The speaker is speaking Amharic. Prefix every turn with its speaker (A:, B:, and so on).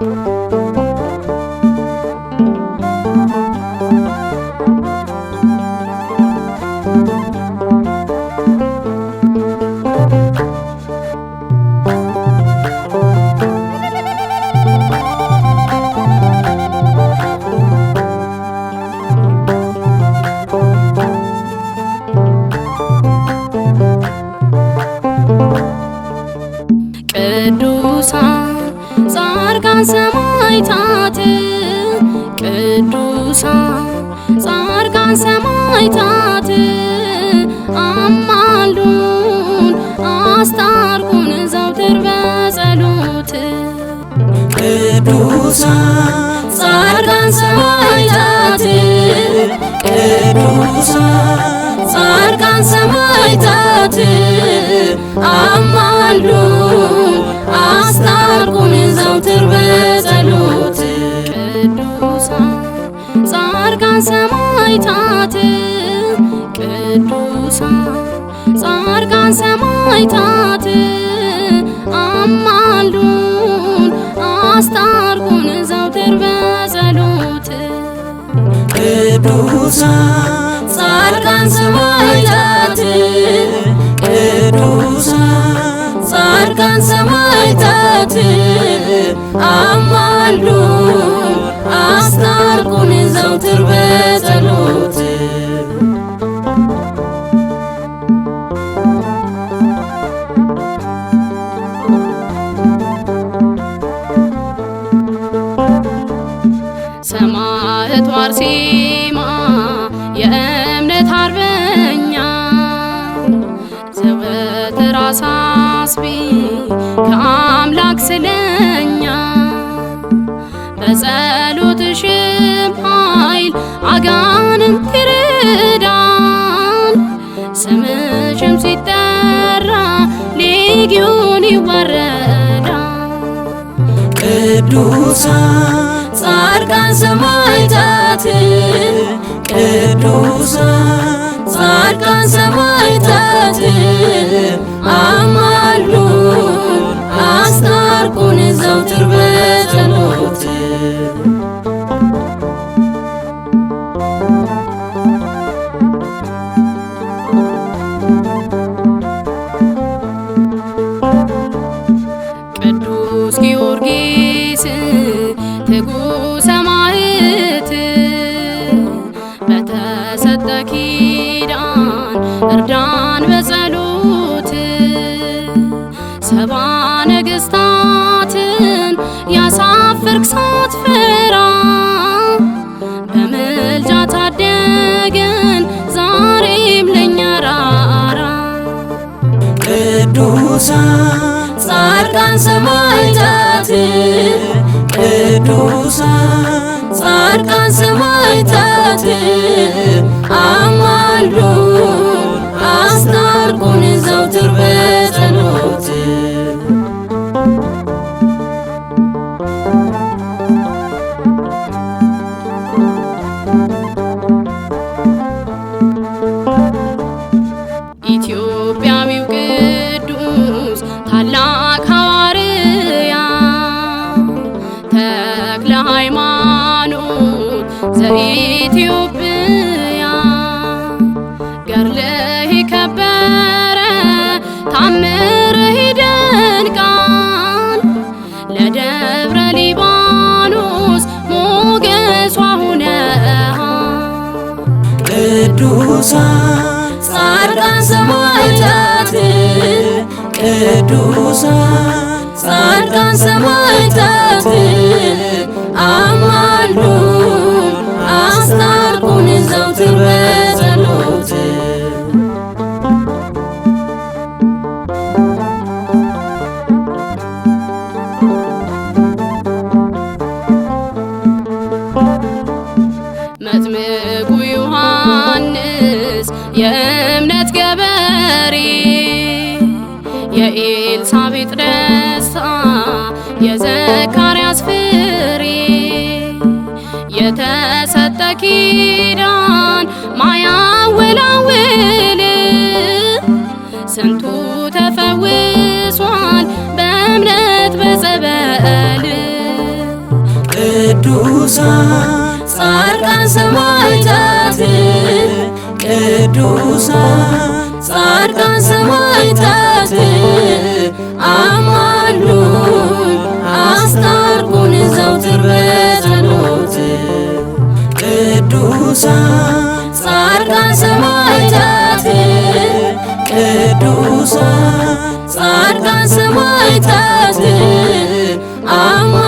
A: Música ሰማይታት ቅዱሳን ጻድቃን ሰማይታት አማሉን አስታርቁን ዘውትር በጸሎት
B: ቅዱሳን ጻድቃን ሰማይታት ቅዱሳን ጻድቃን ሰማይታት አማሉን አስታርቁን ዘውትር
A: ሰማዕታት ቅዱሳን ጻድቃን ሰማዕታት አማሉን አስታርቁን ዘውትር በጸሎት
B: ቅዱሳን ጻድቃን ሰማዕታት
A: ሰማዕቷ አርሴማ የእምነት አርበኛ ዘወትር አሳስቢ ከአምላክ ስለኛ በጸሎትሽም ኃይል አጋንንት ይርዳል። ስምሽም ሲጠራ ሌጊዮን ይዋረዳል
B: ቅዱሳን ጻድቃን ሰማዕታት ቅዱሳን
A: ሰባ ነገስታትን ያሳፈርክ ሳትፈራ በምልጃ ታደገን ዛሬም ለእኛ ራራ
B: ቅዱሳን ጻድቃን ሰማዕታት ቅዱሳን ጻድቃን ሰማዕታት
A: ከኢትዮጵያ ገድልህ ከበረ ታምርህ ይደንቃል ለደብረ ሊባኖስ ሞገሷ ሆነሃል
B: ቅዱሳን ጻድቃን ሰማዕታት ቅዱሳን ጻድቃን ሰማዕታት አማ
A: የእምነት ገበሬ የኤልሳቤጥ ደስታ የዘካርያስ ፍሬ የተሰጠ ኪዳን ማያወላውል ስንቱ ተፈውሷል በእምነት በጸበል
B: ቅዱሳን ጻድቃን ሰማዕታት ቅዱሳን ጻድቃን ሰማዕታት አማሉን አስታርቁን ዘውትር በጸሎት ቅዱሳን ጻድቃን ሰማዕታት ቅዱሳን ጻድቃን ሰማዕታት አማ